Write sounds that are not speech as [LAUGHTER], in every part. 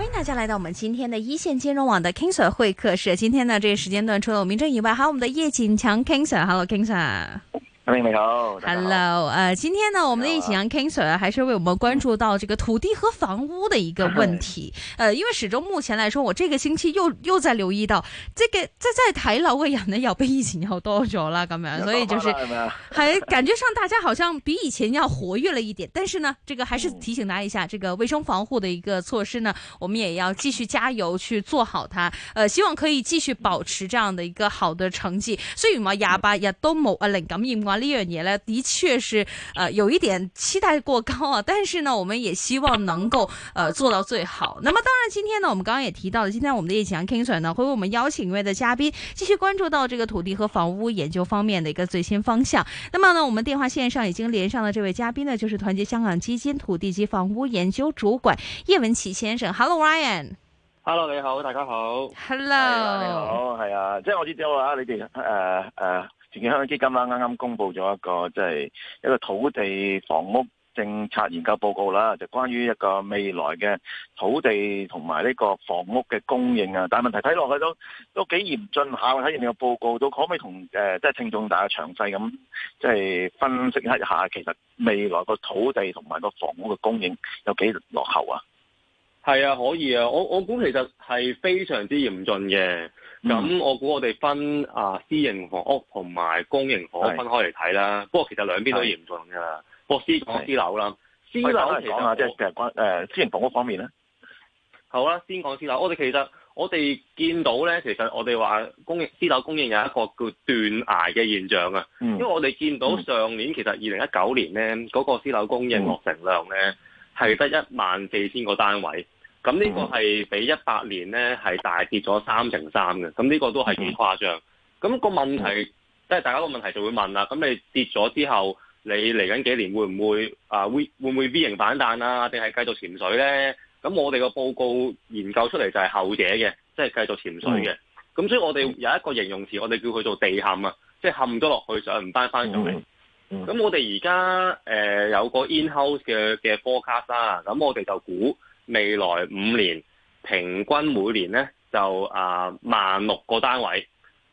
歡迎大家來到我們今天的一線金融網的 KingSir 會客室。今天呢，這個時間段除了我們鄭以外，還有我們的葉錦強 KingSir。Hello，KingSir。Hello 呃，今天呢，我們的疫情楊 KingSir 還是為我們關注到這個土地和房屋的一個問題， [LAUGHS] 呃，因為始終目前來說，我這個星期又又在留意到，這個在在睇樓嘅人呢有比以前又多咗啦。咁樣，所以就是，還感覺上大家好像比以前要活躍了一點， [LAUGHS] 但是呢，這個還是提醒大家一下，這個衛生防護的一個措施呢，我們也要繼續加油去做好它，呃，希望可以繼續保持這樣的一個好的成績，所以嘛廿八日都冇啊零感染。管理層呢，的確是呃有一點期待過高啊，但是呢，我們也希望能夠呃做到最好。那麼，當然今天呢，我們剛剛也提到了，今天我們的葉、啊、King Sir 呢會為我們邀請一位的嘉賓，繼續關注到這個土地和房屋研究方面的一個最新方向。那麼呢，我們電話線上已經連上了這位嘉賓呢，就是團結香港基金土地及房屋研究主管葉文祺先生。Hello，Ryan。Hello，你好，大家好。Hello，, Hello 你好，係啊，即係我知道你哋誒誒。呃呃團結香港基金啦，啱啱公布咗一個即係、就是、一個土地房屋政策研究報告啦，就是、關於一個未來嘅土地同埋呢個房屋嘅供應啊。但問題睇落去都都幾嚴峻下。我睇完你個報告，都可唔可以同誒即係聽眾大家詳細咁即係分析一下，其實未來個土地同埋個房屋嘅供應有幾落後啊？係啊，可以啊，我我估其實係非常之嚴峻嘅。咁、嗯、我估我哋分啊，私營房屋同埋公營房屋分開嚟睇啦。不過其實兩邊都嚴重噶。我先講私樓啦，私樓啊，樓其實即係其實關誒，私、就是、營房屋方面咧。好啦、啊，先講私樓。我哋其實我哋見到咧，其實我哋話公營私樓供應有一個叫斷崖嘅現象啊。嗯、因為我哋見到上年其實二零一九年咧，嗰、那個私樓供應落成量咧。係得一萬四千個單位，咁呢個係比一百年呢係大跌咗三成三嘅，咁呢個都係幾誇張。咁個問題即係大家個問題就會問啦，咁你跌咗之後，你嚟緊幾年會唔會啊會會唔會 V 型反彈啊，定係繼續潛水呢？咁我哋個報告研究出嚟就係後者嘅，即係繼續潛水嘅。咁所以我哋有一個形容詞，我哋叫佢做地陷啊，即係陷咗落去就唔翻翻上嚟。咁我哋而家誒有個 in-house 嘅嘅 forecast 啦、啊，咁我哋就估未來五年平均每年咧就啊萬六個單位，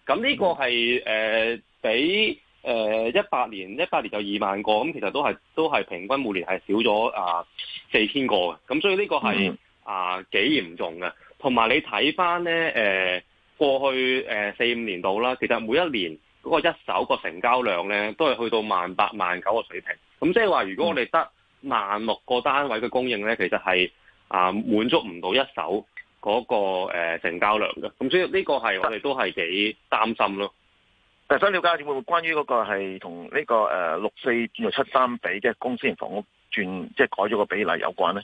咁呢個係、呃、比誒一八年一八年就二萬個，咁其實都係都係平均每年係少咗啊四千個嘅，咁所以呢個係、嗯、啊幾嚴重嘅，同埋你睇翻咧誒過去誒四五年度啦，其實每一年。嗰、那個一手個成交量咧，都係去到萬八萬九個水平。咁即係話，如果我哋得萬六個單位嘅供應咧，其實係啊滿足唔到一手嗰、那個、呃、成交量嘅。咁所以呢個係我哋都係幾擔心咯。誒、嗯，想了解下會唔會關於嗰個係同呢個誒六四至七三比嘅、就是、公私營房屋轉即係、就是、改咗個比例有關咧？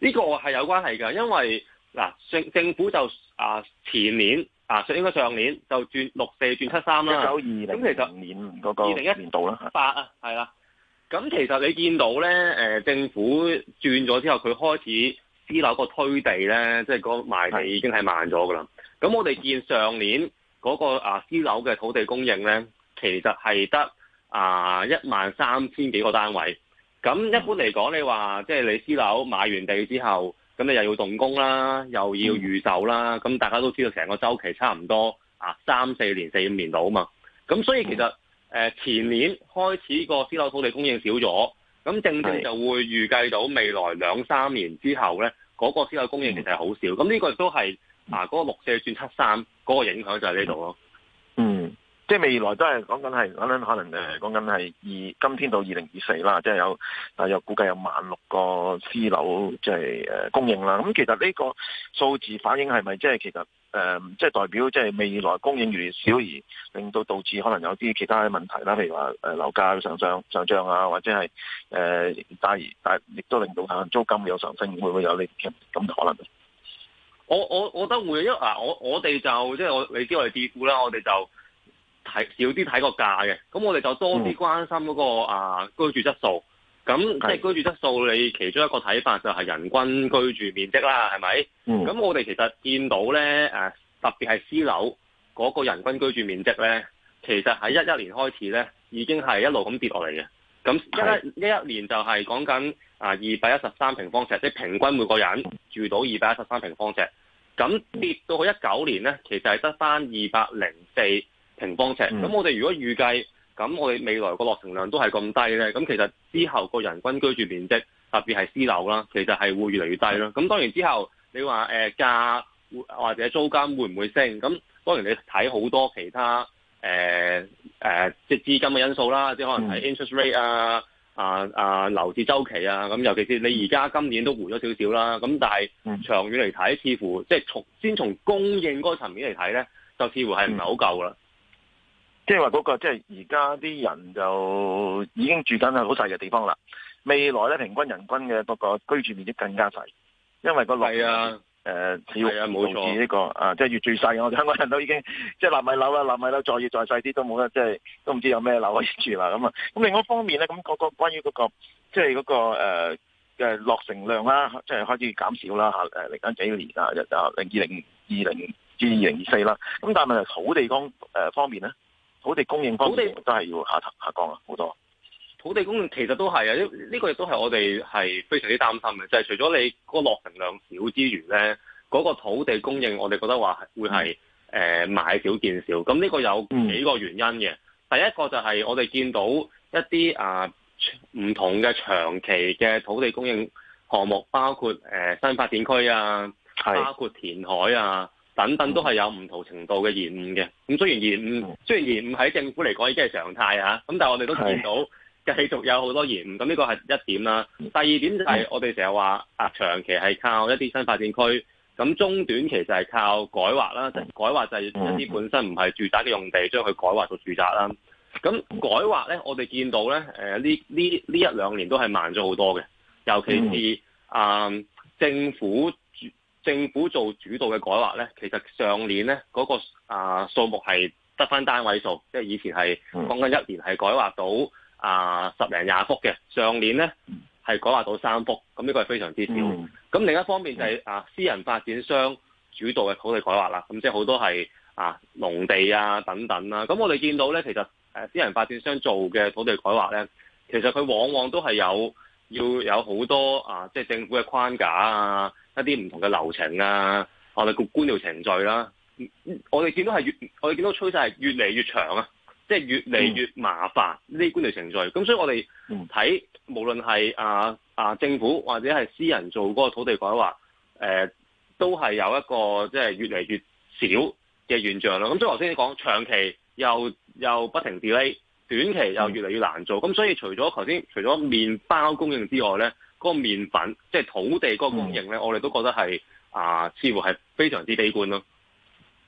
呢、這個係有關係㗎，因為嗱政、啊、政府就啊前年。啊，所以應該上年就轉六四轉七三啦。一九二零。咁其實上年嗰個年度啦。二零一八啊，係啦。咁其實你見到咧，誒政府轉咗之後，佢開始私樓個推地咧，即係個賣地已經係慢咗噶啦。咁我哋見上年嗰個啊私樓嘅土地供應咧，其實係得啊一萬三千幾個單位。咁一般嚟講，你話即係你私樓買完地之後。咁你又要動工啦，又要預售啦，咁大家都知道成個周期差唔多啊三四年、四五年度啊嘛，咁所以其實、呃、前年開始個私樓土地供應少咗，咁正正就會預計到未來兩三年之後咧，嗰個私樓供應其實係好少，咁呢個都係啊嗰個六四轉七三嗰個影響就喺呢度咯。即係未來都係講緊係，講緊可能誒，講緊係二今天到二零二四啦，即係有，誒大約估計有萬六個私樓，即係誒供應啦。咁其實呢個數字反映係咪即係其實誒，即、呃、係、即係、代表即係未來供應越嚟越少，而令到導致可能有啲其他嘅問題啦。譬如話誒、呃、樓價上漲上漲啊，或者係誒大而大，亦、呃、都令到可能租金有上升，會唔會有呢啲咁嘅可能呢？我我我覺得會，因為嗱我我哋就即係我，你知我哋地庫啦，我哋就。睇少啲睇個價嘅，咁我哋就多啲關心嗰、嗰個、嗯、啊居住質素。咁即係居住質素，你其中一個睇法就係人均居住面積啦，係咪？咁、嗯、我哋其實見到呢，誒、啊、特別係私樓嗰、嗰個人均居住面積呢，其實喺一一年開始呢已經係一路咁跌落嚟嘅。咁一一一年就係講緊啊二百一十三平方尺，即係平均每個人住到二百一十三平方尺。咁跌到去一九年呢，其實係得返二百零四平方尺。咁，我哋如果預計咁，我哋未來個落成量都係咁低咧，咁其實之後個人均居住面積，特別係私樓啦，其實係會越嚟越低啦咁、嗯、當然之後你話誒價或者租金會唔會升？咁當然你睇好多其他誒誒即係資金嘅因素啦，即係可能係 interest rate 啊啊啊樓市周期啊。咁尤其是你而家今年都回咗少少啦。咁但係長遠嚟睇，似乎即係先從供應嗰個層面嚟睇咧，就似乎係唔係好夠啦。嗯即係話嗰個，即係而家啲人就已經住緊係好細嘅地方啦。未來咧，平均人均嘅嗰個居住面積更加細，因為那個落誒，似乎導致呢個啊，即、呃、係、啊這個啊就是、越住細，我哋香港人都已經即係納米樓啦，納米樓再越再細啲都冇得，即、就、係、是、都唔知有咩樓可以住啦。咁啊，咁另外一方面咧，咁、那、嗰個關於嗰、那個即係嗰個誒嘅落成量啦，即係開始減少啦吓。誒，嚟緊幾年啊，一啊零二零二零至二零二四啦。咁但係土地供誒方面咧？土地供應方面都係要下下降啊，好多。土地供應其實都係啊，呢、這、呢個亦都係我哋係非常之擔心嘅，就係、是、除咗你個落成量少之餘咧，嗰、那個土地供應我哋覺得話會係誒、嗯、買少見少。咁呢個有幾個原因嘅、嗯，第一個就係我哋見到一啲啊唔同嘅長期嘅土地供應項目，包括、呃、新發展區啊，係包括填海啊。等等都係有唔同程度嘅延誤嘅，咁雖然延誤，雖然延誤喺政府嚟講已經係常態嚇，咁但係我哋都見到繼續有好多延誤，咁呢個係一點啦。第二點就係我哋成日話啊，長期係靠一啲新發展區，咁中短期就係靠改劃啦，即係、改劃就係一啲本身唔係住宅嘅用地，將佢改劃到住宅啦。咁改劃咧，我哋見到咧，誒呢呢呢一兩年都係慢咗好多嘅，尤其是啊、呃、政府。政府做主導嘅改劃咧，其實上年咧嗰、那個啊、呃、數目係得翻單位數，即係以前係講緊一年係改劃到啊、呃、十零廿幅嘅，上年咧係改劃到三幅，咁呢個係非常之少。咁、嗯、另一方面就係、是、啊私人發展商主導嘅土地改劃啦，咁即係好多係啊農地啊等等啦、啊。咁我哋見到咧，其實誒私人發展商做嘅土地改劃咧，其實佢往往都係有要有好多啊，即係政府嘅框架啊。一啲唔同嘅流程啊，我哋個官僚程序啦，我哋見到係越我哋見到趨勢係越嚟越長啊，即係越嚟越麻煩呢啲官僚程序。咁所以我哋睇無論係啊啊政府或者係私人做嗰個土地改劃，呃都係有一個即係越嚟越少嘅現象啦。咁所以頭先你講長期又又不停 delay，短期又越嚟越難做。咁所以除咗頭先除咗麵包供應之外咧。嗰、那個麵粉，即、就、係、是、土地嗰個供應咧，我哋都覺得係啊、呃，似乎係非常之悲觀咯。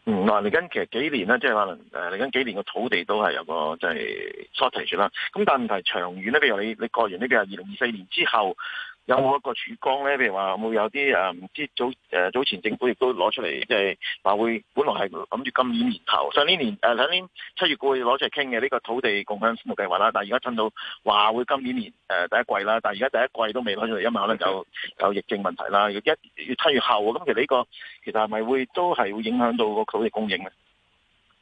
嗯，嗱，嚟緊其實幾年咧，即係可能誒嚟緊幾年個土地都係有個即係、就是、shortage 啦。咁但係問題長遠咧，譬如你你過完呢啲啊，二零二四年之後。有冇一個曙光咧？譬如話有冇有啲誒唔知早誒早前政府亦都攞出嚟，即係話會本來係諗住今年年頭，上年年誒、呃、上年七月過去攞出嚟傾嘅呢個土地共享服務計劃啦，但係而家趁到話會今年年第一季啦，但係而家第一季都未攞出嚟，因為可能有有疫症問題啦。一越推越，越後，咁其實呢、呢個其實係咪會都係會影響到個土地供應咧？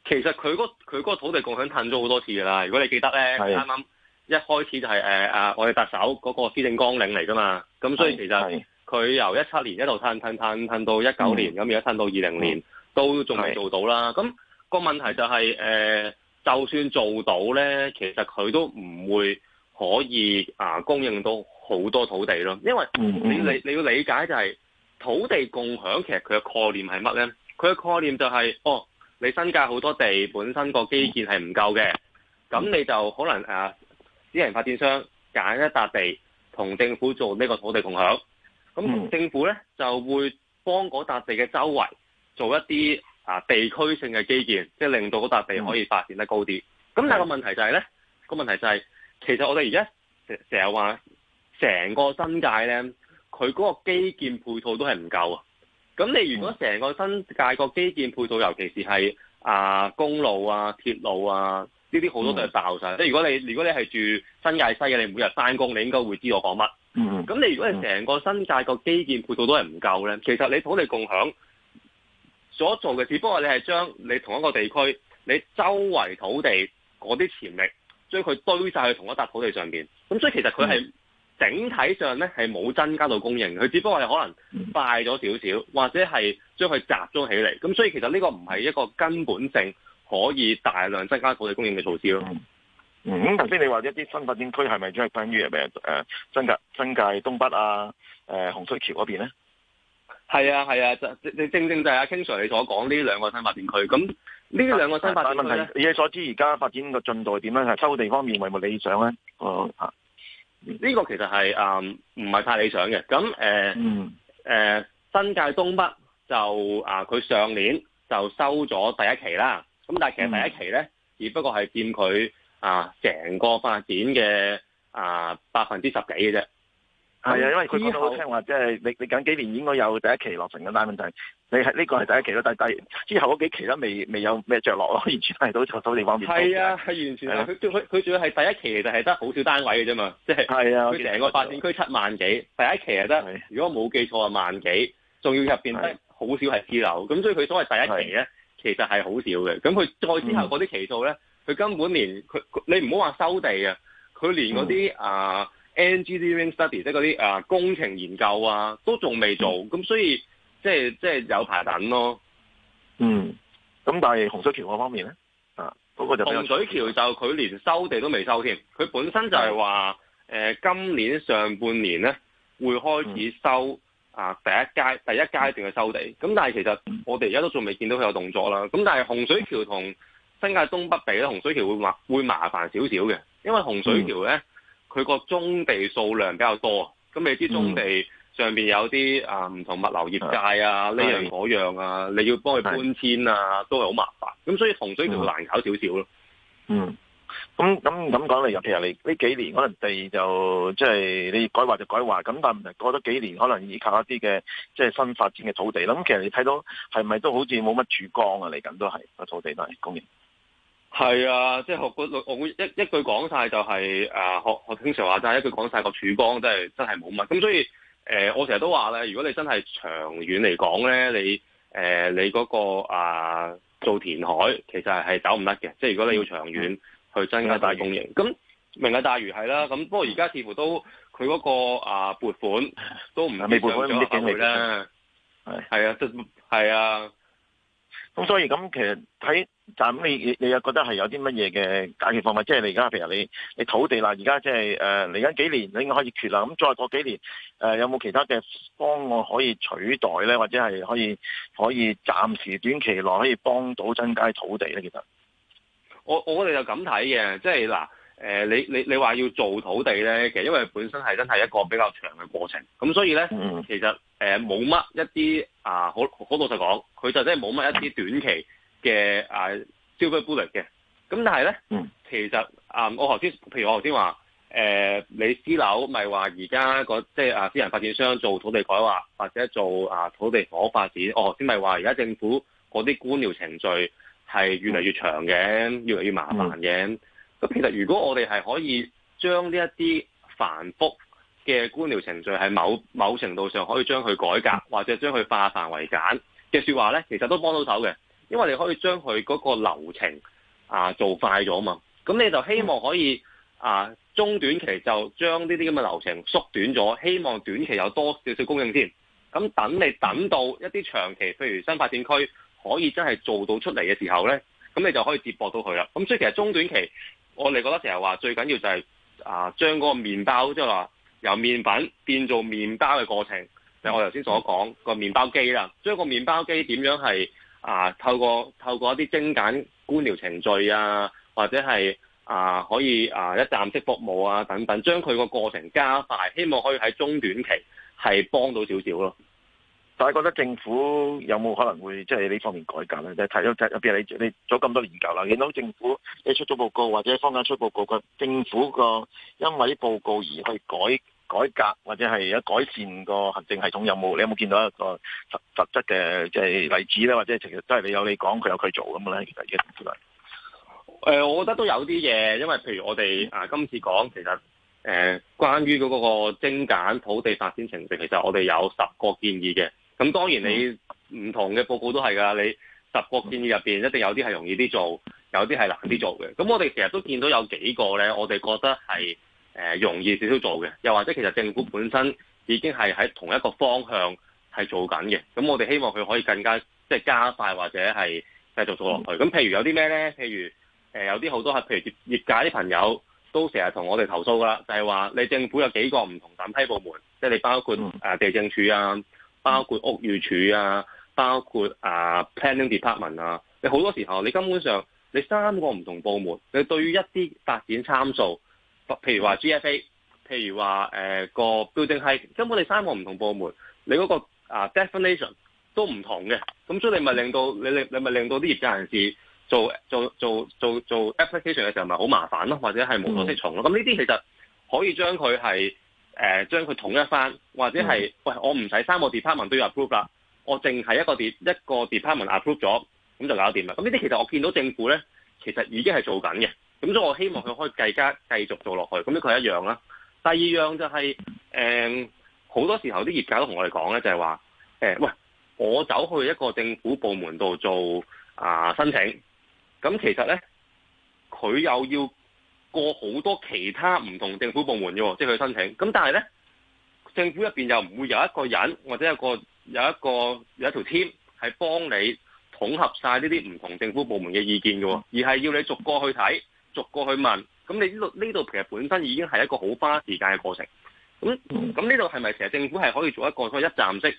其實佢嗰佢嗰土地共享褪咗好多次噶啦，如果你記得咧，啱啱。剛剛一開始就係誒啊！我哋特首嗰個施政綱領嚟㗎嘛，咁所以其實佢由一七年一路褪褪褪到一九年，咁而家褪到二零年，嗯、都仲未做到啦。咁、那個問題就係、是、誒、呃，就算做到呢，其實佢都唔會可以啊、呃、供應到好多土地咯，因為你你，你要理解就係、是、土地共享其實佢嘅概念係乜呢？佢嘅概念就係、是、哦，你新界好多地本身個基建係唔夠嘅，咁你就可能啊～、呃私人發展商揀一笪地同政府做呢個土地共享，咁政府呢，嗯、就會幫嗰笪地嘅周圍做一啲啊地區性嘅基建，即係令到嗰笪地可以發展得高啲。咁、嗯、但係個問題就係呢，個問題就係、是、其實我哋而家成成日話成個新界呢，佢嗰個基建配套都係唔夠啊！咁你如果成個新界個基建配套，尤其是係啊公路啊、鐵路啊，呢啲好多都係爆晒。即係，mm-hmm. 如果你如果你係住新界西嘅，你每日翻工，你應該會知我講乜。咁，mm-hmm. 你如果係成個新界個基建配套都係唔夠呢，其實你土地共享所做嘅，只不過你係將你同一個地區，你周圍土地嗰啲潛力，將佢堆晒去同一笪土地上邊。咁所以其實佢係整體上呢，係冇增加到供應，佢只不過係可能快咗少少，或者係將佢集中起嚟。咁所以其實呢個唔係一個根本性，可以大量增加土地供應嘅措施咯。嗯，咁頭先你話一啲新發展區係咪主要關於誒誒、呃、新界新界東北啊、誒洪水橋嗰邊咧？係啊係啊，啊，正正就係阿 King Sir 你所講呢兩個新發展區。咁呢兩個新發展咧，你所知而家發展嘅進度點咧？係收地方面係咪理想咧？哦、嗯、呢、這個其實係誒唔係太理想嘅。咁誒誒新界東北就啊，佢、呃、上年就收咗第一期啦。咁但係其實第一期咧，嗯，只不過係佔佢啊成個發展嘅啊百分之十幾嘅啫。係啊，因為佢講到好聽話即係、就是、你你近幾年應該有第一期落成嘅，但係問題你係呢、這個係第一期咯，但係第之後嗰幾期都未未有咩着落咯，完全係到到地方面。係啊，係完全係佢佢仲要係第一期，期你你一期就實係得好少單位嘅啫嘛，即係佢成個發展區七萬幾，第一期係得，如果冇記錯啊萬幾，仲要入邊得好少係私樓，咁所以佢所謂第一期咧。其實係好少嘅，咁佢再之後嗰啲期數咧，佢、嗯、根本連佢你唔好話收地啊，佢連嗰啲啊 Engineering study 即係嗰啲啊工程研究啊都仲未做，咁、嗯、所以即係即係有排等咯。嗯，咁但係洪水橋嗰方面咧，啊，嗰個就洪水橋就佢連收地都未收添，佢本身就係話誒，今年上半年咧會開始收。嗯啊！第一階第一階段嘅收地，咁但係其實我哋而家都仲未見到佢有動作啦。咁但係洪水橋同新界東北比咧，洪水橋會，會麻會麻煩少少嘅，因為洪水橋咧佢個棕地數量比較多，咁你知棕地上邊有啲啊唔同物流業界啊呢樣嗰樣啊，你要幫佢搬遷啊，都係好麻煩。咁所以洪水橋難搞少少咯。嗯。嗯咁咁咁講嚟，尤其係你呢幾年，可能地就即係、就是、你改劃就改劃。咁但係過咗幾年，可能以靠一啲嘅即係新發展嘅土地。咁其實你睇到係咪都好似冇乜曙光啊？嚟緊都係個土地都係供應。係啊，即、就、係、是、學我一一句講曬就係、是、啊，學學聽成話齋一句講曬個曙光、就是，真係真係冇乜。咁所以誒、呃，我成日都話咧，如果你真係長遠嚟講咧，你誒、呃、你嗰、那個啊做填海其實係走唔甩嘅。即、就、係、是、如果你要長遠。嗯去增加大供應，咁明日大嶼係啦，咁、嗯、不過而家似乎都佢嗰、那個啊撥款都唔係未撥款啲錢嚟啦，係係啊，係啊，咁所以咁其實睇，就你你又覺得係有啲乜嘢嘅解決方法？即、就、係、是、你而家譬如你你土地啦，而家即係誒嚟緊幾年你應該可以缺啦，咁再過幾年誒、呃、有冇其他嘅方案可以取代咧，或者係可以可以暫時短期內可以幫到增加土地咧？其實？我我哋就咁睇嘅，即係嗱、呃，你你你話要做土地咧，其實因為本身係真係一個比較長嘅過程，咁所以咧、嗯，其實冇乜、呃、一啲啊，好好老實講，佢就真係冇乜一啲短期嘅啊消費顧慮嘅。咁但係咧、嗯，其實啊、呃，我頭先譬如我頭先話誒，你私樓咪話而家個即係啊私人發展商做土地改劃或者做啊土地房屋發展，我頭先咪話而家政府嗰啲官僚程序。係越嚟越長嘅，越嚟越麻煩嘅。咁、嗯、其實如果我哋係可以將呢一啲繁複嘅官僚程序喺某某程度上可以將佢改革，或者將佢化繁為簡嘅說話呢，其實都幫到手嘅。因為你可以將佢嗰個流程啊做快咗嘛。咁你就希望可以啊中短期就將呢啲咁嘅流程縮短咗，希望短期有多少少供應添。咁等你等到一啲長期，譬如新發展區。可以真係做到出嚟嘅時候呢，咁你就可以接駁到佢啦。咁所以其實中短期，我哋覺得成日話最緊要就係啊，將嗰個麵包即係話由麵粉變做麵包嘅過程，就我頭先所講個麵包機啦。將個麵包機點樣係啊透過透過一啲精簡官僚程序啊，或者係啊可以啊一站式服務啊等等，將佢個過程加快，希望可以喺中短期係幫到少少咯。但係覺得政府有冇可能會即係呢方面改革咧？即係睇咗，即係，譬如你你做咗咁多年研究啦，見到政府你出咗報告或者坊間出報告，佢政府個因為啲報告而去改改革或者係一改善個行政系統有冇，有冇你有冇見到一個實實質嘅即係例子咧？或者其實都係你有你講，佢有佢做咁嘅咧？其實其實誒、呃，我覺得都有啲嘢，因為譬如我哋啊，今次講其實誒、呃，關於嗰個精簡土地發展程序，其實我哋有十個建議嘅。咁當然你唔同嘅報告都係㗎，你十個建議入面，一定有啲係容易啲做，有啲係難啲做嘅。咁我哋成日都見到有幾個咧，我哋覺得係、呃、容易少少做嘅，又或者其實政府本身已經係喺同一個方向係做緊嘅。咁我哋希望佢可以更加即係加快或者係繼續做落去。咁譬如有啲咩咧？譬如、呃、有啲好多係譬如業業界啲朋友都成日同我哋投訴㗎啦，就係話你政府有幾個唔同審批部門，即係你包括地政署啊。包括屋宇署啊，包括啊、uh, Planning Department 啊，你好多時候你根本上你三個唔同部門，你對於一啲發展參數，譬如話 GFA，譬如話誒、呃那個 Building Height，根本你三個唔同部門，你嗰、那個啊、uh, Definition 都唔同嘅，咁所以你咪令到你令你咪令到啲業界人士做做做做做，做 Application 嘅時候咪好麻煩咯，或者係無所適從咯，咁呢啲其實可以將佢係。誒將佢統一翻，或者係、嗯、喂我唔使三個 department 都要 approve 啦，我淨係一,一個 department approve 咗，咁就搞掂啦。咁呢啲其實我見到政府咧，其實已經係做緊嘅，咁所以我希望佢可以繼加繼續做落去。咁呢個係一樣啦。第二樣就係誒好多時候啲業界都同我哋講咧，就係、是、話誒、喂，我走去一個政府部門度做啊、呃、申請，咁其實咧佢又要。過好多其他唔同政府部門嘅，即係去申請。咁但係呢，政府入邊又唔會有一個人或者一個有一個有一條 team 係幫你統合晒呢啲唔同政府部門嘅意見嘅，而係要你逐個去睇，逐個去問。咁你呢度呢度其實本身已經係一個好花時間嘅過程。咁咁呢度係咪成日政府係可以做一個所謂一站式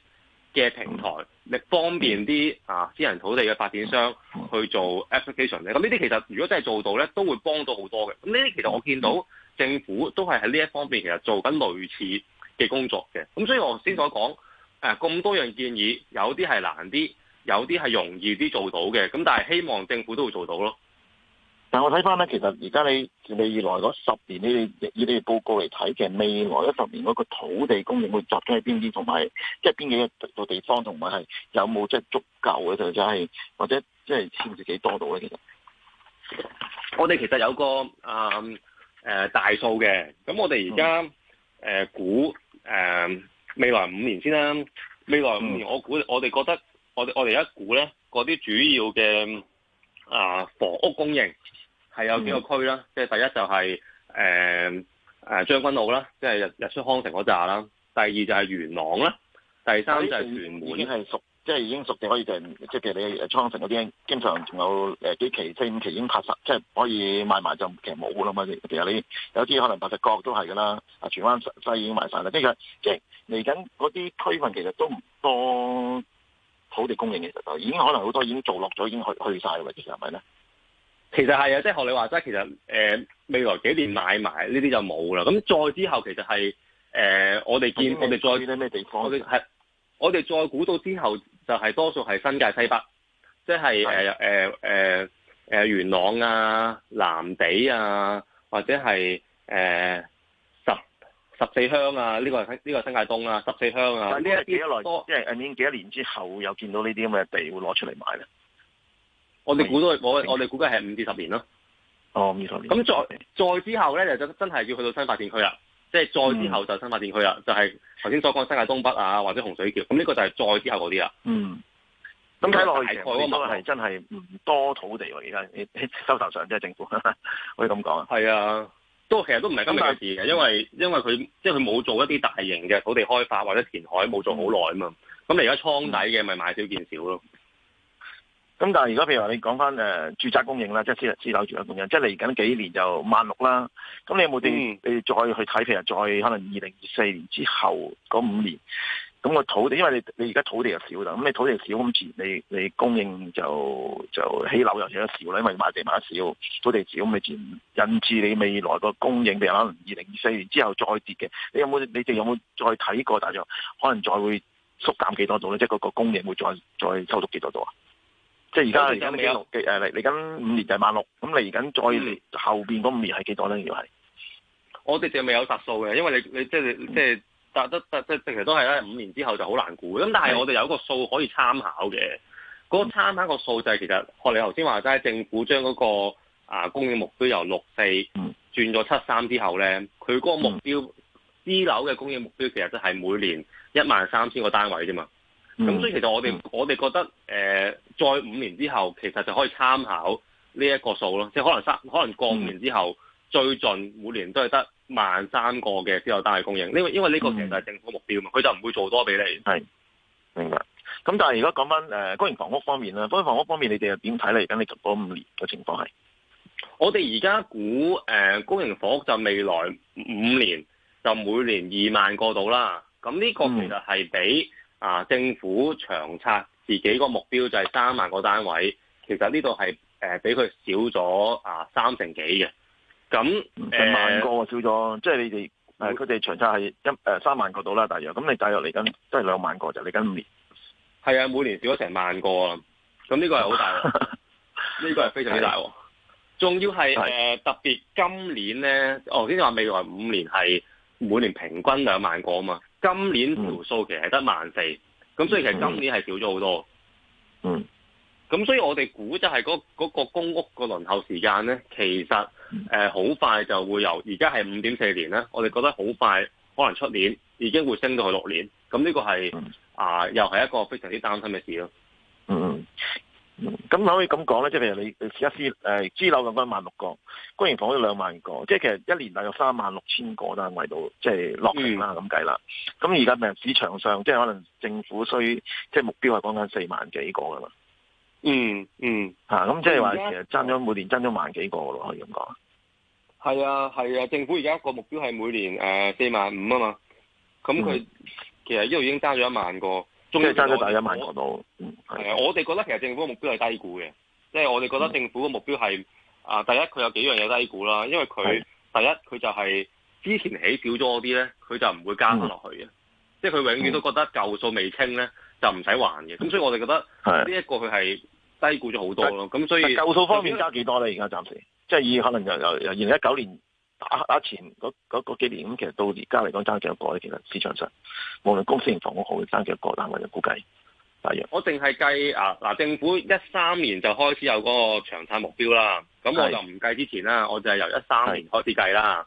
嘅平台，嚟方便啲啊私人土地嘅發展商去做 application 咧。咁呢啲其實如果真係做到咧，都會幫到好多嘅。咁呢啲其實我見到政府都係喺呢一方面其實做緊類似嘅工作嘅。咁所以我先所講誒咁多樣建議，有啲係難啲，有啲係容易啲做到嘅。咁但係希望政府都會做到咯。但我睇翻咧，其實而家你未來嗰十年，你以，以，以你哋報告嚟睇嘅未來十年嗰個土地供應會集中喺邊啲，同埋即係邊幾個地方，同埋係有冇即係足夠嘅，定係或者即係先至幾多度咧？其實我哋其實有個、呃呃、大數嘅，咁我哋而家估、呃、未來五年先啦。未來五年、嗯、我估我哋覺得，我我哋一估咧嗰啲主要嘅啊、呃、房屋供應。係有幾個區啦，即、嗯、係第一就係誒誒將軍澳啦，即係日日出康城嗰扎啦。第二就係元朗啦。第三就係屯門，已經即係、就是、已經熟地可以成、就是，即係其實你康城嗰啲經常仲有誒幾期四五期已經拍實，即、就、係、是、可以賣埋就其實冇啦嘛。其實你有啲可能白石角都係噶啦，啊荃灣西已經賣晒啦。即係即係嚟緊嗰啲區份其實都唔多土地供應，其實已經可能好多已經做落咗，已經去去曬嘅位置係咪咧？是不是呢？其實係啊，即係學你話齋，其實誒、嗯、未來幾年買埋呢啲就冇啦。咁、嗯、再之後其實係誒、嗯嗯、我哋見我哋再見到咩地方？我哋係我哋再估到之後，就係多數係新界西北，即係誒誒誒誒元朗啊、藍地啊，或者係誒、嗯、十十四鄉啊，呢、呢個呢、呢個新界東啊，十四鄉啊。但係呢一啲多即係 I mean 幾多年之後有見到呢啲咁嘅地會攞出嚟買咧？我哋估到，我我哋估計係五至十年咯。哦，五十年。咁再再之後咧，就真係要去到新發展區啦。即、就、係、是、再之後就新發展區啦，就係頭先所講嘅新界東北啊，或者洪水橋。咁呢個就係再之後嗰啲啦。嗯。咁睇落去，應該係真係唔多土地喎。而家收頭上，即係政府 [LAUGHS] 可以咁講啊。係啊，都其實都唔係今日嘅事嘅，因為因為佢即係佢冇做一啲大型嘅土地開發或者填海，冇做好耐啊嘛。咁你而家倉底嘅，咪、嗯、買少見少咯。咁但係如果譬如話你講翻誒住宅供應啦，即係私私樓住宅供應，即係嚟緊幾年就萬六啦。咁你有冇定你再去睇、嗯？譬如話再可能二零二四年之後嗰五年，咁個土地因為你你而家土地又少啦，咁你土地少咁自然你你供應就就起樓又少啦，因為賣地賣得少，土地少咁咪自然引致你未來個供應，譬如可能二零二四年之後再跌嘅。你有冇你哋有冇再睇過？大約可能再會縮減幾多度咧？即係個個供應會再再收縮幾多度啊？即係而家嚟緊幾六？誒嚟嚟緊五年就係萬六。咁嚟緊再後邊嗰五年係幾多咧？要係我哋就未有實數嘅，因為你你即即得即其實都係咧。五年之後就好難估。咁但係我哋有一個數可以參考嘅，嗰、那個參考個數就係其實學你頭先話齋，政府將嗰、那個啊供應目標由六四轉咗七三之後咧，佢嗰個目標私、嗯、樓嘅供應目標其實都係每年一萬三千個單位啫嘛。咁、嗯、所以其實我哋我哋覺得誒、呃、再五年之後，其實就可以參考呢一個數咯，即係可能三可能過五年之後，嗯、最盡每年都係得萬三個嘅私有單位供應，因為因為呢個其實係政府目標嘛，佢就唔會做多俾你。係，明白。咁但係如果講翻誒公營房屋方面啦，公營房屋方面你哋又點睇咧？而家你多五年嘅情況係？我哋而家估誒公營房屋就未來五年就每年二萬個度啦。咁呢個其實係比。嗯啊！政府長策自己個目標就係三萬個單位，其實呢度係比佢少咗啊、呃、三成幾嘅。咁誒萬個、啊欸、少咗，即係你哋佢哋長策係一、呃、三萬個度啦，大約。咁你大約嚟緊都係兩萬個就嚟緊五年，係啊，每年少咗成萬個啊！咁呢個係好大，呢 [LAUGHS] 個係非常之大喎。仲要係、呃、特別今年咧，哦、我先話未來五年係每年平均兩萬個啊嘛。今年條數其實係得萬四，咁所以其實今年係少咗好多。嗯，咁所以我哋估就係嗰、嗰個嗰個公屋個輪候時間呢，其實誒好、呃、快就會由而家係五點四年啦。我哋覺得好快可能出年已經會升到去六年，咁呢個係啊、嗯呃、又係一個非常之擔心嘅事咯。嗯嗯。咁、嗯、可以咁講咧，即係譬如你一啲誒資樓咁講萬六個，公營房屋兩萬個，即係其實一年大約三萬六千個啦，為到即係落嚟啦咁計啦。咁而家咪市場上，即係可能政府需即係目標係講緊四萬幾個噶嘛。嗯嗯，咁、嗯嗯、即係話其實爭咗每年爭咗萬幾個噶咯，可以咁講。係啊係啊，政府而家個目標係每年誒四、呃、萬五啊嘛。咁佢、嗯、其實呢度已經爭咗一萬個。即係爭咗第一萬嗰度，係啊！我哋覺、覺得其實政府嘅目標係低估嘅，即係我哋覺得政府嘅目標係啊，第一佢有幾樣有低估啦，因為佢第一佢就係之前起少咗啲咧，佢就唔會加翻落去嘅，即係佢永遠都覺得舊數未清咧就唔使還嘅，咁所以我哋覺得呢一個佢係低估咗好多咯，咁所以舊數方面加幾多咧？而家暫時即係、就係、以可能由由二零一九年。阿、啊、阿前嗰幾年咁，其實到而家嚟講爭幾多個咧？其實市場上，無論公營房屋好，我好爭幾多個，但我嘅估計，大約。我淨係計啊嗱，政府一三年就開始有嗰個長策目標啦。咁我就唔計之前啦，我就係由一三年開始計啦。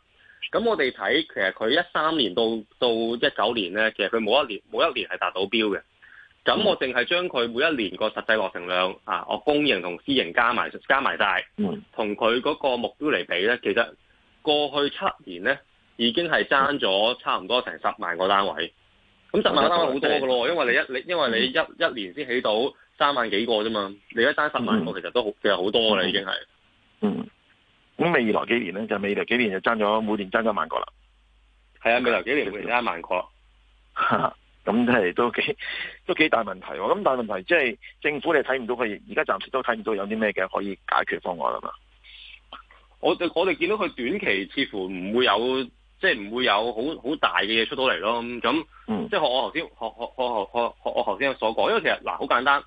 咁我哋睇其實佢一三年到到一九年咧，其實佢冇一年冇一年係達到標嘅。咁我淨係將佢每一年個實際落成量、嗯、啊，我公營同私營加埋加埋曬，同佢嗰個目標嚟比咧，其實。過去七年咧，已經係爭咗差唔多成十萬個單位。咁十萬個單位好多噶咯，因為你一你、嗯、因為你一一年先起到三萬幾個啫嘛。你而家爭十萬個其、嗯，其實都其實好多噶啦，已經係。嗯。咁未來幾年咧，就未來幾年就爭咗每年爭咗萬個啦。係啊，未來幾年會爭年萬個。嚇！咁係都幾都幾大問題喎、啊。咁大問題即係政府你睇唔到佢，而家暫時都睇唔到有啲咩嘅可以解決方案啊嘛。我我哋見到佢短期似乎唔會有，即係唔會有好好大嘅嘢出到嚟咯。咁即係學我頭先學學學我頭先所講，因為其實嗱，好簡單，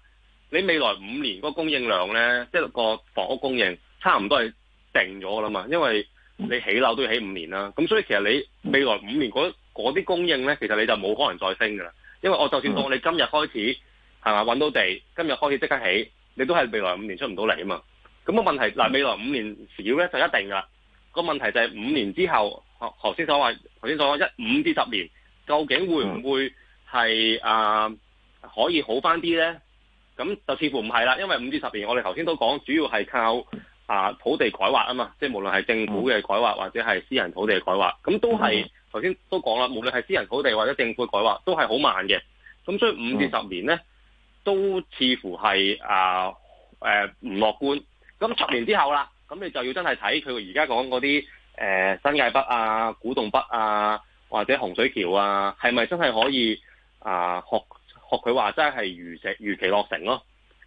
你未來五年個供應量咧，即係個房屋供應差唔多係定咗噶啦嘛，因為你起樓都要起五年啦。咁所以其實你未來五年嗰啲供應咧，其實你就冇可能再升噶啦，因為我就算當你今日開始係咪？揾到地，今日開始即刻起，你都係未來五年出唔到嚟啊嘛。咁個問題嗱，未來五年少咧就一定㗎喇。個問題就係五年之後，學頭先所話，頭先所講一五至十年，究竟會唔會係啊可以好返啲咧？咁就似乎唔係啦，因為五至十年，我哋頭先都講，主要係靠啊土地改劃啊嘛，即係無論係政府嘅改劃或者係私人土地嘅改劃，咁都係頭先都講啦，無論係私人土地或者政府嘅改劃，都係好慢嘅。咁所以五至十年咧，都似乎係啊誒、唔樂觀。咁十年之後啦，咁你就要真係睇佢而家講嗰啲誒新界北啊、古洞北啊，或者洪水橋啊，係咪真係可以啊、呃、學學佢話真係如石如期落成咯？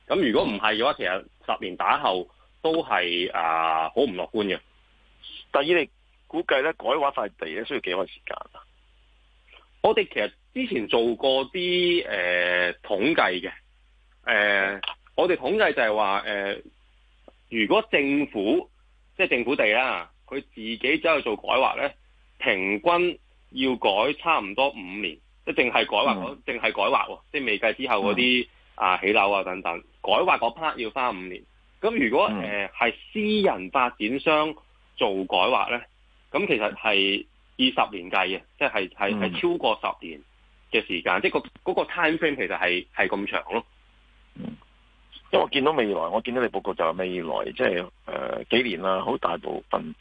咁如、啊、如果唔係嘅話，其實十年打後都係啊好唔樂觀嘅。第二，你估計咧改劃塊地咧需要幾多時間啊？我哋其實之前做過啲誒、呃、統計嘅，誒、呃、我哋統計就係話誒。呃如果政府即係政府地啦，佢自己走去做改劃咧，平均要改差唔多五年，即係淨係改劃嗰，淨、mm、係 -hmm. 改劃喎、哦，即係未計之後嗰啲、mm -hmm. 啊起樓啊等等，改劃嗰 part 要花五年。咁如果誒係、mm -hmm. 呃、私人發展商做改劃咧，咁其實係以十年計嘅，mm -hmm. 即係係超過十年嘅時間，mm -hmm. 即係個嗰個 time frame 其實係係咁長咯。因為我見到未來，我見到你報告就係未來即係誒、呃、幾年啦，好大部分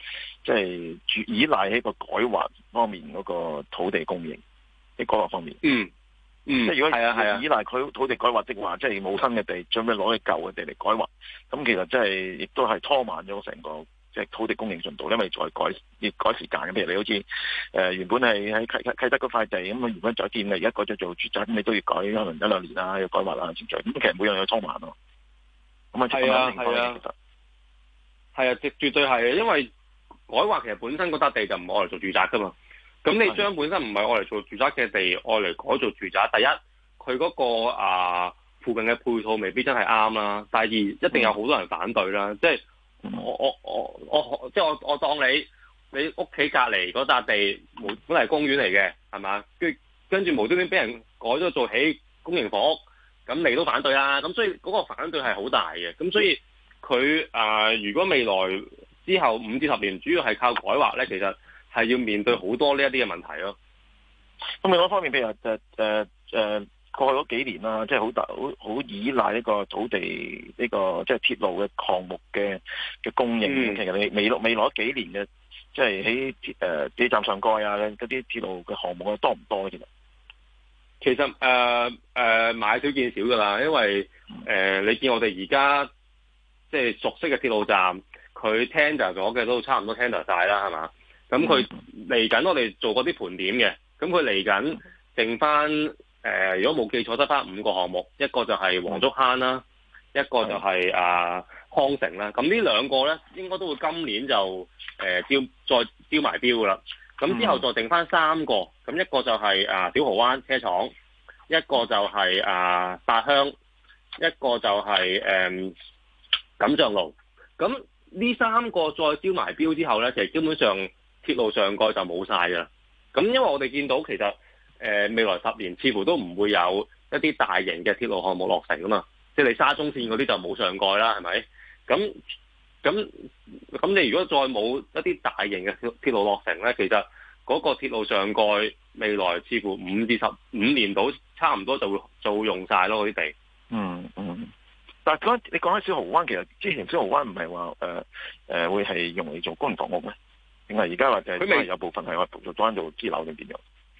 即係依賴喺個改劃方面嗰、嗰個土地供應，喺改劃方面。嗯，嗯，即係如果係依賴佢土地改劃即話，嗯、即係冇新嘅地，最屘攞去舊嘅地嚟改劃，咁其實真係亦都係拖慢咗成個即係土地供應進度，因為再改要改時間嘅。譬如你好似誒、呃、原本係喺啟啟德嗰塊地，咁、嗯、啊原本再建你而家改咗做住宅，咁你都要改可能一兩年啦，要改劃啦嘅程序，咁其實每樣嘢拖慢咯。係啊，係啊，係啊，絕絕對係啊，因為改劃其實本身嗰笪地就唔愛嚟做住宅噶嘛，咁你將本身唔係愛嚟做住宅嘅地愛嚟改做住宅，第一，佢嗰個啊附近嘅配套未必真係啱啦，第二一定有好多人反對啦、嗯，即係我我我即我即係我我當你你屋企隔籬嗰笪地本本嚟係公園嚟嘅係咪？跟跟住無端端俾人改咗做起公營房屋。咁你都反對啦，咁所以嗰個反對係好大嘅，咁所以佢誒、呃、如果未來之後五至十年主要係靠改劃咧，其實係要面對好多呢一啲嘅問題咯、哦。咁另外一方面，譬如話誒誒誒過去幾年啦，即係好大好好依賴呢個土地呢、這個即係鐵路嘅項目嘅嘅供應。嗯、其實你未落未來幾年嘅，即係喺鐵誒站上蓋啊嗰啲鐵路嘅項目多唔多其實？其實誒誒、呃呃、買少見少噶啦，因為誒、呃、你見我哋而家即係熟悉嘅鐵路站，佢 tender 咗嘅都差唔多 tender 晒啦，係嘛？咁佢嚟緊我哋做過啲盤點嘅，咁佢嚟緊剩翻，誒、呃、如果冇記錯得翻五個項目，一個就係黃竹坑啦，一個就係、是、啊、呃、康城啦，咁呢兩個咧應該都會今年就誒招，呃、再招埋標噶啦。咁、嗯、之後再定翻三個，咁一個就係啊小蠔灣車廠，一個就係、是、啊八鄉，一個就係、是、誒、嗯、錦上路。咁呢三個再招埋標之後呢，其實基本上鐵路上蓋就冇晒㗎啦。咁因為我哋見到其實、呃、未來十年似乎都唔會有一啲大型嘅鐵路項目落成啊嘛，即係你沙中線嗰啲就冇上蓋啦，係咪？咁咁咁，你如果再冇一啲大型嘅鐵路落成咧，其實嗰個鐵路上蓋未來似乎五至十五年到差唔多就會就用晒咯，嗰啲地。嗯嗯。但係你講開小蠔灣，其實之前小蠔灣唔係話誒誒會係用嚟做公營房屋咩？定係而家話就係佢未有部分係我做裝做私樓定點樣？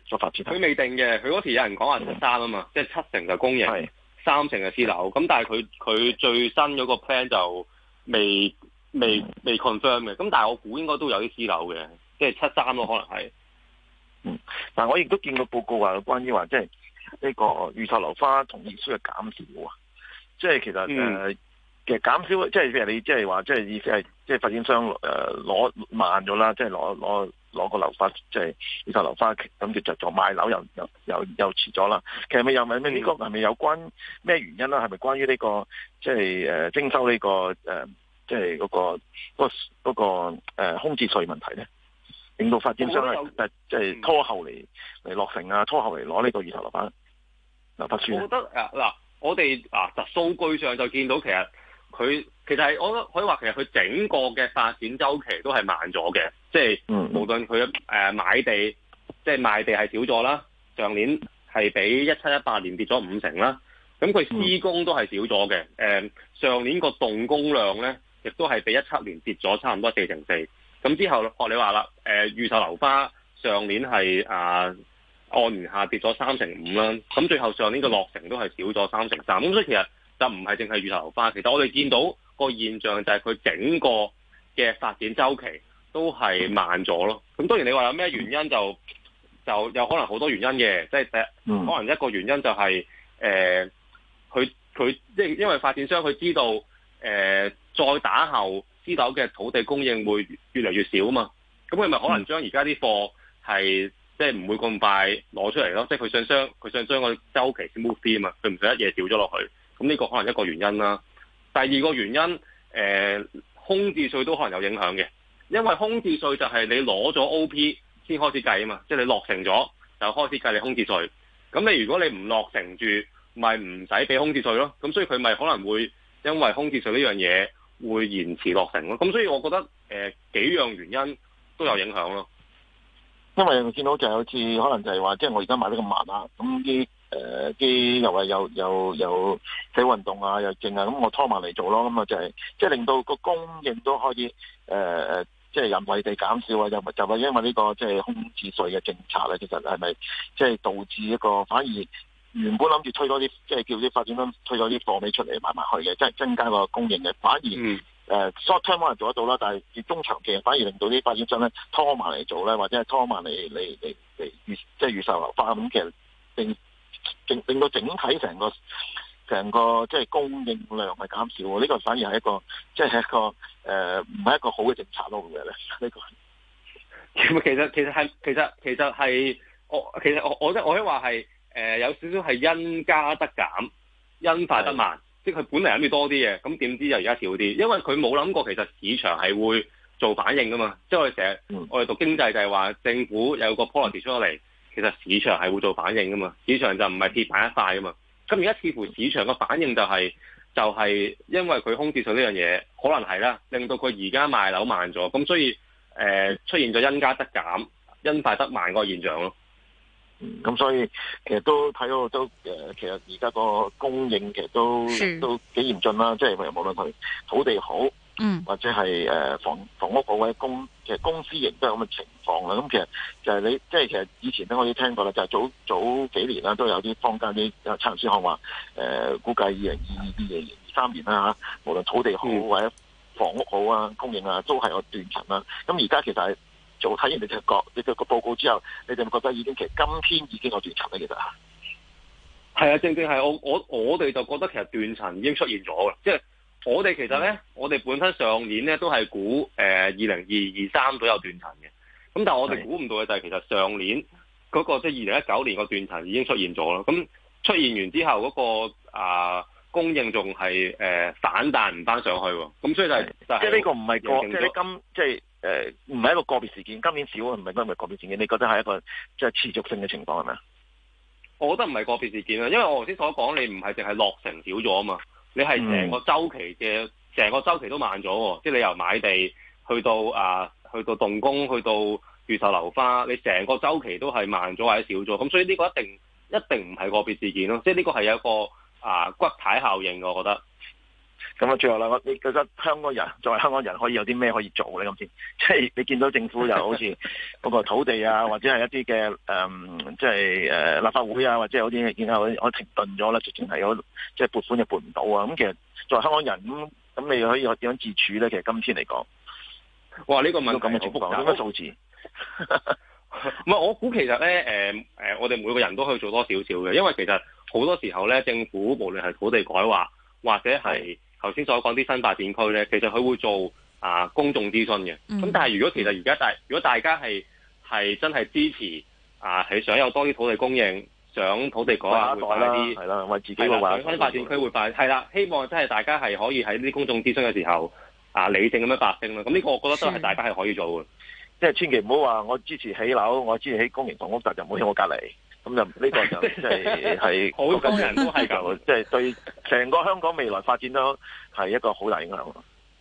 所發展？佢未定嘅，佢嗰時有人講話做三啊嘛，嗯、即係七成嘅公營，三成嘅私樓。咁但係佢佢最新嗰個 plan 就未。未未 confirm 嘅，咁但係我估應該都有啲私樓嘅，即係七三咯，啊，可能係。嗯，但係我亦都見過報告話，關於話即係呢個預售樓花同意書嘅減少啊，即係其實誒嘅減少，即係譬如你即係話，即係意思係即係發展商誒攞慢咗啦，即係攞攞攞個樓花，即係預售樓花，咁就就賣樓又又又又遲咗啦。其實咪又咪咩呢個係咪有關咩原因啦？係咪關於呢個即係誒徵收呢個誒？啊即係嗰、那個嗰、那個、那個呃、空置稅問題咧，令到發展商咧，即係拖後嚟嚟落成啊，拖後嚟攞呢個預售樓板。嗱，特殊啊！我覺得嗱、啊，我哋啊，就數據上就見到其實佢其實係，我可以話其實佢整個嘅發展周期都係慢咗嘅，即、就、係、是、無論佢誒、呃、買地，即、就、係、是、賣地係少咗啦。上年係比一七一八年跌咗五成啦。咁佢施工都係少咗嘅、嗯。上年個動工量咧。亦都係比一七年跌咗差唔多四成四，咁之後學你話啦，誒預售樓花上年係啊按年下跌咗三成五啦，咁最後上年嘅落成都係少咗三成三，咁所以其實就唔係淨係預售樓花，其實我哋見到個現象就係佢整個嘅發展週期都係慢咗咯。咁當然你話有咩原因，就就有可能好多原因嘅，即係第可能一個原因就係誒佢佢即係因為發展商佢知道誒。呃再打後私樓嘅土地供應會越嚟越少啊嘛，咁佢咪可能將而家啲貨係即係唔會咁快攞出嚟咯，即係佢想將佢想將個周期先 move 啲啊嘛，佢唔使一嘢掉咗落去，咁呢個可能一個原因啦。第二個原因，誒、呃、空置稅都可能有影響嘅，因為空置稅就係你攞咗 OP 先開始計啊嘛，即、就、係、是、你落成咗就開始計你空置稅。咁你如果你唔落成住，咪唔使俾空置稅咯。咁所以佢咪可能會因為空置稅呢樣嘢。會延遲落成咯，咁所以我覺得誒、呃、幾樣原因都有影響咯。因為見到就有次可能就係話，即、就、係、是、我而家買得咁慢啊，咁啲誒啲又係有有有死運動啊，又靜啊，咁我拖埋嚟做咯，咁啊就係即係令到個供應都可以誒誒，即、呃、係、就是、人為地減少啊，又就係、是、因為呢個即係空置稅嘅政策咧、啊，其實係咪即係導致一個反而？原本諗住推多啲，即係叫啲發展商推咗啲貨尾出嚟賣埋去嘅，即係增加個供應嘅。反而誒 short term 可能做得到啦，但係中長期反而令到啲發展商咧拖慢嚟做咧，或者係拖慢嚟嚟嚟嚟預即係預售樓花咁其實令令到整體成個成個即係供應量咪減少喎。呢個反而係一個即係一個誒唔係一個好嘅政策咯，咁樣咧呢個其。其實其實係其實其實係我其實我我即係我話係。誒、呃，有少少係因加得減，因快得慢，即係佢本嚟諗住多啲嘅，咁點知又而家少啲，因為佢冇諗過其實市場係會做反應噶嘛，即、就、係、是、我成日、嗯、我哋讀經濟就係話政府有個 policy 出咗嚟，其實市場係會做反應噶嘛，市場就唔係鐵板一塊噶嘛，咁而家似乎市場嘅反應就係、是、就係、是、因為佢空置稅呢樣嘢，可能係啦，令到佢而家賣樓慢咗，咁所以誒、呃、出現咗因加得減，因快得慢嗰個現象咯。咁、嗯、所以其實都睇到都其實而家個供應其實都都幾嚴峻啦，即、就、係、是、無論無論佢土地好，嗯、或者係房房屋好或者公其實公司型都係咁嘅情況啦。咁其實就係你即係其實以前咧我都可以聽過啦，就係、是、早早幾年啦都有啲坊間啲參人師學話估計二零二二二零二三年啦嚇，無論土地好或者房屋好啊供應啊，都係有斷層啦。咁而家其實係。做睇完你哋個你哋個報告之後，你哋覺得已經其實今天已經有斷層咧？其實係啊，正正係我我我哋就覺得其實斷層已經出現咗啦，即係我哋其實咧，嗯、我哋本身上年咧都係估誒二零二二三都有斷層嘅，咁但係我哋估唔到嘅就係其實上年嗰、那個即係二零一九年個斷層已經出現咗啦，咁出現完之後嗰、那個啊、呃、供應仲係誒反彈唔翻上去喎，咁所以就係、是就是這個、即係呢個唔係個即係你今即係。誒、呃，唔係一個個別事件，今年少咗唔係都係個別事件，你覺得係一個即係、就是、持續性嘅情況係咪啊？我覺得唔係個別事件啊，因為我頭先所講，你唔係淨係落成少咗啊嘛，你係成個周期嘅，成、mm. 個周期都慢咗，即係你由買地去到啊，去到動工，去到預售樓花，你成個周期都係慢咗或者少咗，咁所以呢個一定一定唔係個別事件咯，即係呢個係有一個啊骨牌效應，我覺得。咁啊！最後啦，你覺得香港人作為香港人可以有啲咩可以做咧？今次即係你見到政府又好似嗰個土地啊， [LAUGHS] 或者係一啲嘅誒，即係誒立法會啊，或者有啲嘢見到我停頓咗啦，直情係有即係、即係、撥款就撥唔到啊。咁其實作為香港人咁咁，又你可以點樣自處咧？其實今天嚟講，哇！呢、呢個問題咁複雜，咁個數字唔係我估 [LAUGHS] 其實咧誒誒，我哋每個人都可以做多少少嘅，因為其實好多時候咧，政府無論係土地改劃或者係。頭先所講啲新發展區咧，其實佢會做啊公眾諮詢嘅。咁、嗯、但係如果其實而家大，如果大家係係真係支持啊，係想有多啲土地供應，想土地改啊，會快一啲，係啦，為自己嘅話，新發展區會快，係、嗯、啦，希望真係大家係可以喺呢啲公眾諮詢嘅時候啊理性咁樣發聲。咁呢個我覺得都係大家係可以做嘅，即係、就是、千祈唔好話我支持起樓，我支持起公營房屋就就唔好喺我隔離。咁就呢個就即係，係好多人都係㗎，即係對成個香港未來發展都係一個好大影響。